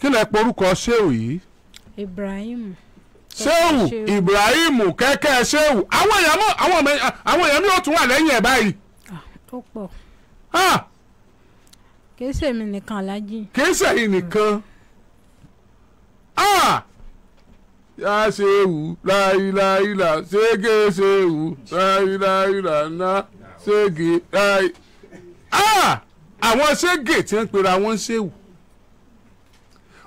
kí lẹ porúkọ ṣéwù yìí. Ibrahim. ṣéwù Ibrahim kẹ́kẹ́ ṣéwù àwọn èèyàn mọ àwọn èèyàn mi ò tún wà lẹ́yìn ẹ̀ báyìí. ó pọ̀. kìí ṣèmi nìkan alájí. kìí ṣèyìn nìkan. yá ṣéwù láìláìlà ṣége ṣéwù láìláìlà ná ṣége láì. àwọn ṣége tí wọ́n ń pera wọ́n ṣéwù.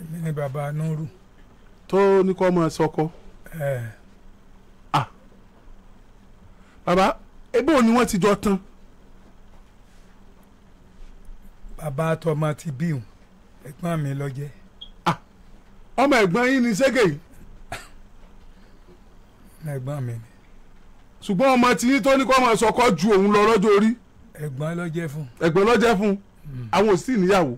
èmi ni bàbá Nuru. tó ní kọ́ mọ sọkọ. bàbá ebó ni wọ́n ti jọ tán. bàbá tọmọ ti bí òun ẹ̀gbọ́n mi ló ah, ọmọ ẹ̀gbọ́n yín ni ségè yìí. ẹ̀gbọ́n mi ni. ṣùgbọ́n ọmọ tí yín tó ní kọ́ mọ sọkọ ju òun lọ lọ́jọ́ orí. ẹ̀gbọ́n ló jẹ́ fún. ẹ̀gbọ́n ló jẹ́ fún. Hmm. àwọn ò sí níyàwó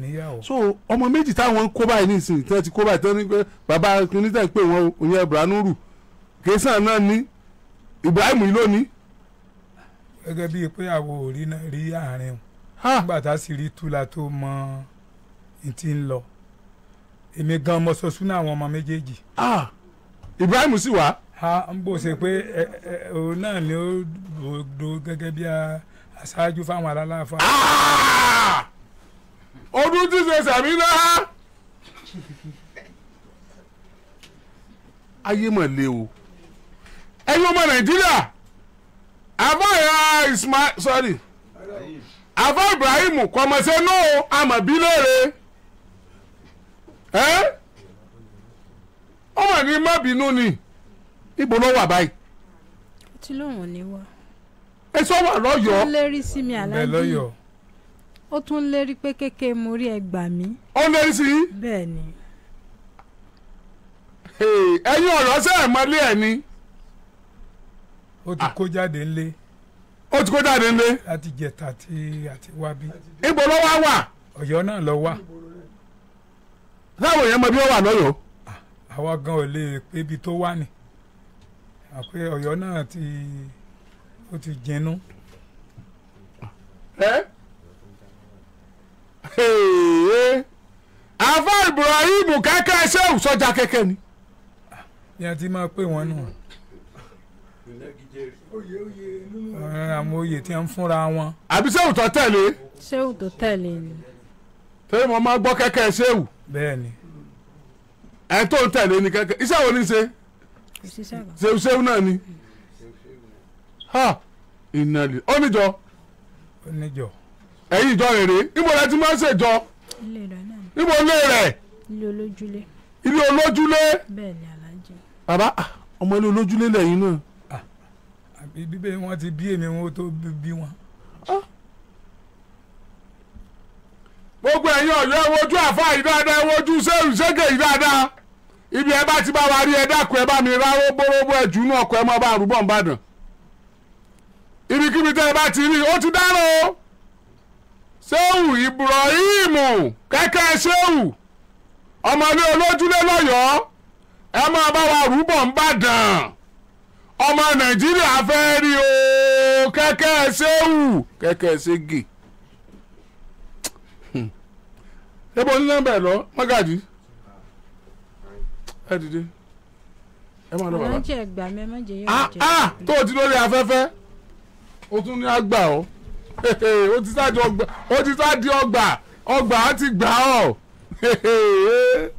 níyàwó. so ọmọ méjì táwọn kó báyìí nísìnyí tí wọ́n ti kó báyìí tó ní pé bàbá kìnnìtà pé wọ́n òyìn Ibrahimu kẹsàn-án náà ní Ibrahim yìí ló gẹ́gẹ́ bíi pé àwọn rí àárín o nígbà tá a sì rí tula tó mọ ní ti ń lọ èmi gan mo sọ súnà àwọn ọmọ méjèèjì. Ibrahim sì wá. ha ń bò ṣe pé òun náà ni ó do gẹ́gẹ́ bí aṣáájú fáwọn alálàáfáà. ọdún tí ṣe sàmì ayé mà le o ẹ̀yin ọmọ nàìjíríà sorry àbá Ibrahim kọmọṣẹ náà amọ̀bí lóore ọmọ ní má ni ibo ló wà báyìí. ti ẹ sọ wà lọ́yọ̀ọ́. ó lérí sí mi ó tún lérí pé kéke mo rí ẹ gbà mí. ó lérí sí i. bẹ́ẹ̀ ni. ẹ̀yin ọ̀rọ̀ ṣe é mọ́lé ẹ̀ ni. ó ti kó jáde ńlé. ó ti kó jáde ńlé. láti jẹta àti àti wábí. ibo ló wá wà. ọ̀yọ́ náà ló wà. láwọn èèyàn mọ bí wọ́n wà lọ́yọ̀ọ́. Ah, àwa gan ò lè pé ibi tó wà ní. àpé ọ̀yọ́ náà ti ó ti jinú. ẹ́ eh? afa eh. ibrahim kẹkẹ ṣéwù sọjà kẹkẹ ni. ní a ti máa pè wọ́n nù. àwọn oyè tí wọ́n fúnra wọn. àbí ṣéwù tó tẹ̀lé. ṣéwù tó tẹ̀lé ni. tẹ́lẹ̀ mo máa gbọ́ kẹ́kẹ́ ṣéwù. bẹ́ẹ̀ni. ẹ̀ tó ń tẹ̀lé ni kẹ́kẹ́ iṣẹ́ wo ni ṣe. ṣéwù ṣéwù náà ni. ha ìnáli oníjọ. oníjọ ẹ̀yin ìjọ rere níbo lẹ ti máa ń ṣèjọ níbo ilé rẹ̀ ilé olójúlé ilé olójúlé bẹ́ẹ̀ ni alájẹ. bàbá ah, ọmọ ilé olójúlé lẹ́yìn náà. Ah, àbí bíbélì wọn ti bí èmi wọn tó bí wọn. Ah. gbogbo ẹ̀yin ọ̀yọ́ ẹ wojú àfa yìí dáadáa ẹ wojú sẹ́yìn ṣẹ́gẹ̀ yìí dáadáa ibi ẹ bá ti bá wa rí ẹ dákun ẹ bá mi rá róbóróbó ẹ jù ú náà kọ ẹ mọ bá rúbọ̀ ń bàdàn ibikíbi tẹ́ ẹ bá ti rí ó ti dáná o sehu ibrahim kẹ́kẹ́ sehu ọmọlé olójúlé lọ́yọ́ọ́ ẹ máa bá wa rúbọ̀ ń bàdàn ọmọ nàìjíríà fẹ́ rí o kẹ́kẹ́ sehu kẹ́kẹ́ sege ebo ní nọ́mbà ẹ lọ mọ́gàdì ẹ dìde ẹ máa lọ bàbá. ọ̀rọ̀ ń jẹ́ ah, ah, tó o ti lórí afẹ́fẹ́ o tún ní àgbà o ó ti sáà di ọgbà ọgbà á ti gbà ọ́.